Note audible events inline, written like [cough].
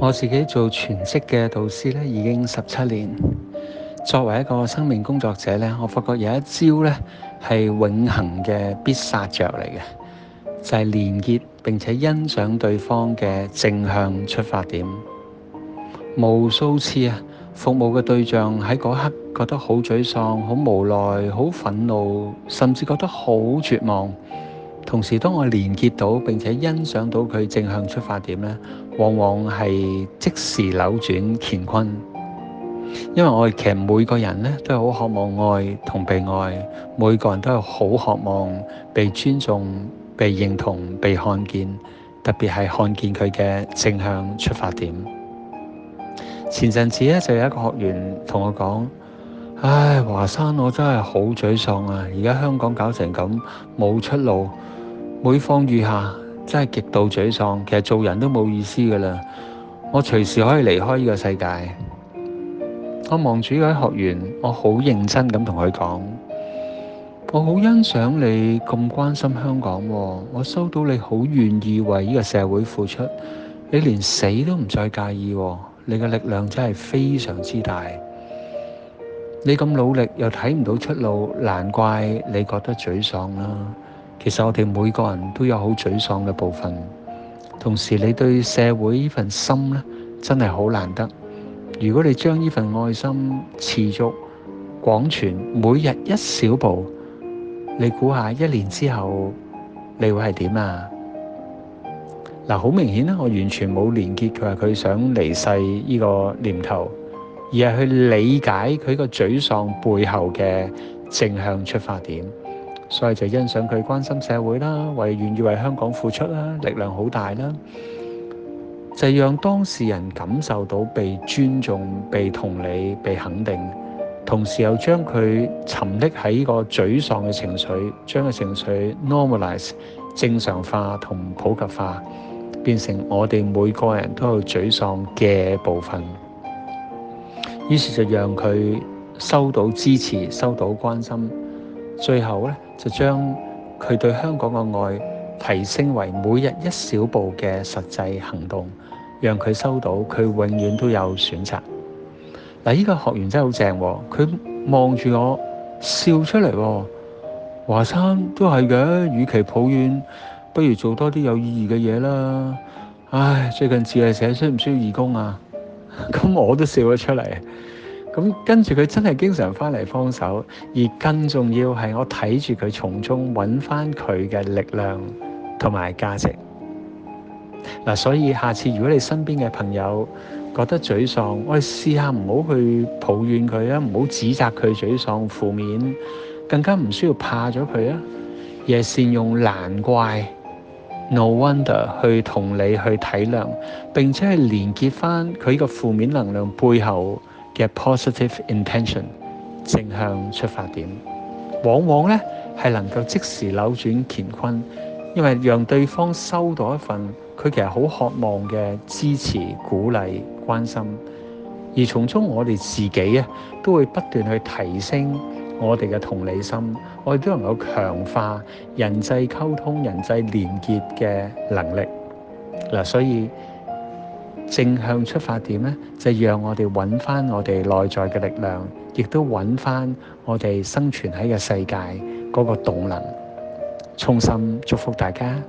我自己做全職嘅導師咧，已經十七年。作為一個生命工作者咧，我發覺有一招咧係永恆嘅必殺著嚟嘅，就係連結並且欣賞對方嘅正向出發點。無數次啊，服務嘅對象喺嗰刻覺得好沮喪、好無奈、好憤怒，甚至覺得好絕望。同時，當我連結到並且欣賞到佢正向出發點呢，往往係即時扭轉乾坤。因為我哋其實每個人呢都係好渴望愛同被愛，每個人都係好渴望被尊重、被認同、被看見，特別係看見佢嘅正向出發點。前陣子咧就有一個學員同我講：「唉，華山，我真係好沮喪啊！而家香港搞成咁，冇出路。每況愈下，真係極度沮喪。其實做人都冇意思㗎啦！我隨時可以離開呢個世界。我望住嗰啲學員，我好認真咁同佢講：我好欣賞你咁關心香港喎、啊！我收到你好願意為呢個社會付出，你連死都唔再介意喎、啊！你嘅力量真係非常之大。你咁努力又睇唔到出路，難怪你覺得沮喪啦、啊。其實我哋每個人都有好沮喪嘅部分，同時你對社會呢份心咧，真係好難得。如果你將呢份愛心持續廣傳，每日一小步，你估下一年之後你會係點啊？嗱、啊，好明顯啦，我完全冇連結佢話佢想離世呢個念頭，而係去理解佢個沮喪背後嘅正向出發點。所以就欣賞佢關心社會啦，為願意為香港付出啦，力量好大啦，就係讓當事人感受到被尊重、被同理、被肯定，同時又將佢沉溺喺呢個沮喪嘅情緒，將個情緒 normalize 正常化同普及化，變成我哋每個人都有沮喪嘅部分。於是就讓佢收到支持，收到關心。最後咧，就將佢對香港嘅愛提升為每日一小步嘅實際行動，讓佢收到，佢永遠都有選擇。嗱，依個學員真係好正，佢望住我笑出嚟，哦，華山都係嘅，與其抱怨，不如做多啲有意義嘅嘢啦。唉，最近自在社需唔需要義工啊？咁 [laughs] 我都笑咗出嚟。咁跟住佢真係經常翻嚟幫手，而更重要係我睇住佢，從中揾翻佢嘅力量同埋價值嗱、啊。所以下次如果你身邊嘅朋友覺得沮喪，我哋試下唔好去抱怨佢啊，唔好指責佢沮喪負面，更加唔需要怕咗佢啊，而係善用難怪 No Wonder 去同你去體諒，並且係連結翻佢呢個負面能量背後嘅 positive intention 正向出發點往往咧，係能夠即時扭轉乾坤，因為讓對方收到一份佢其實好渴望嘅支持、鼓勵、關心，而從中我哋自己啊都會不斷去提升我哋嘅同理心，我哋都能夠強化人際溝通、人際連結嘅能力。嗱，所以。正向出發點呢，就讓我哋揾返我哋內在嘅力量，亦都揾返我哋生存喺嘅世界嗰個動能。衷心祝福大家。